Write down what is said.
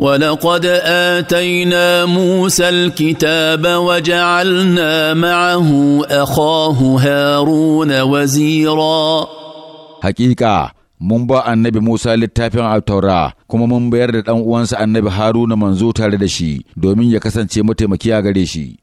ولقد اتينا موسى الكتاب وجعلنا معه اخاه هارون وزيرا حقيقه mun ba annabi Musa littafin taura kuma mun bayar da ɗan uwansa annabi Haruna manzo tare da shi domin ya kasance mataimaki a gare shi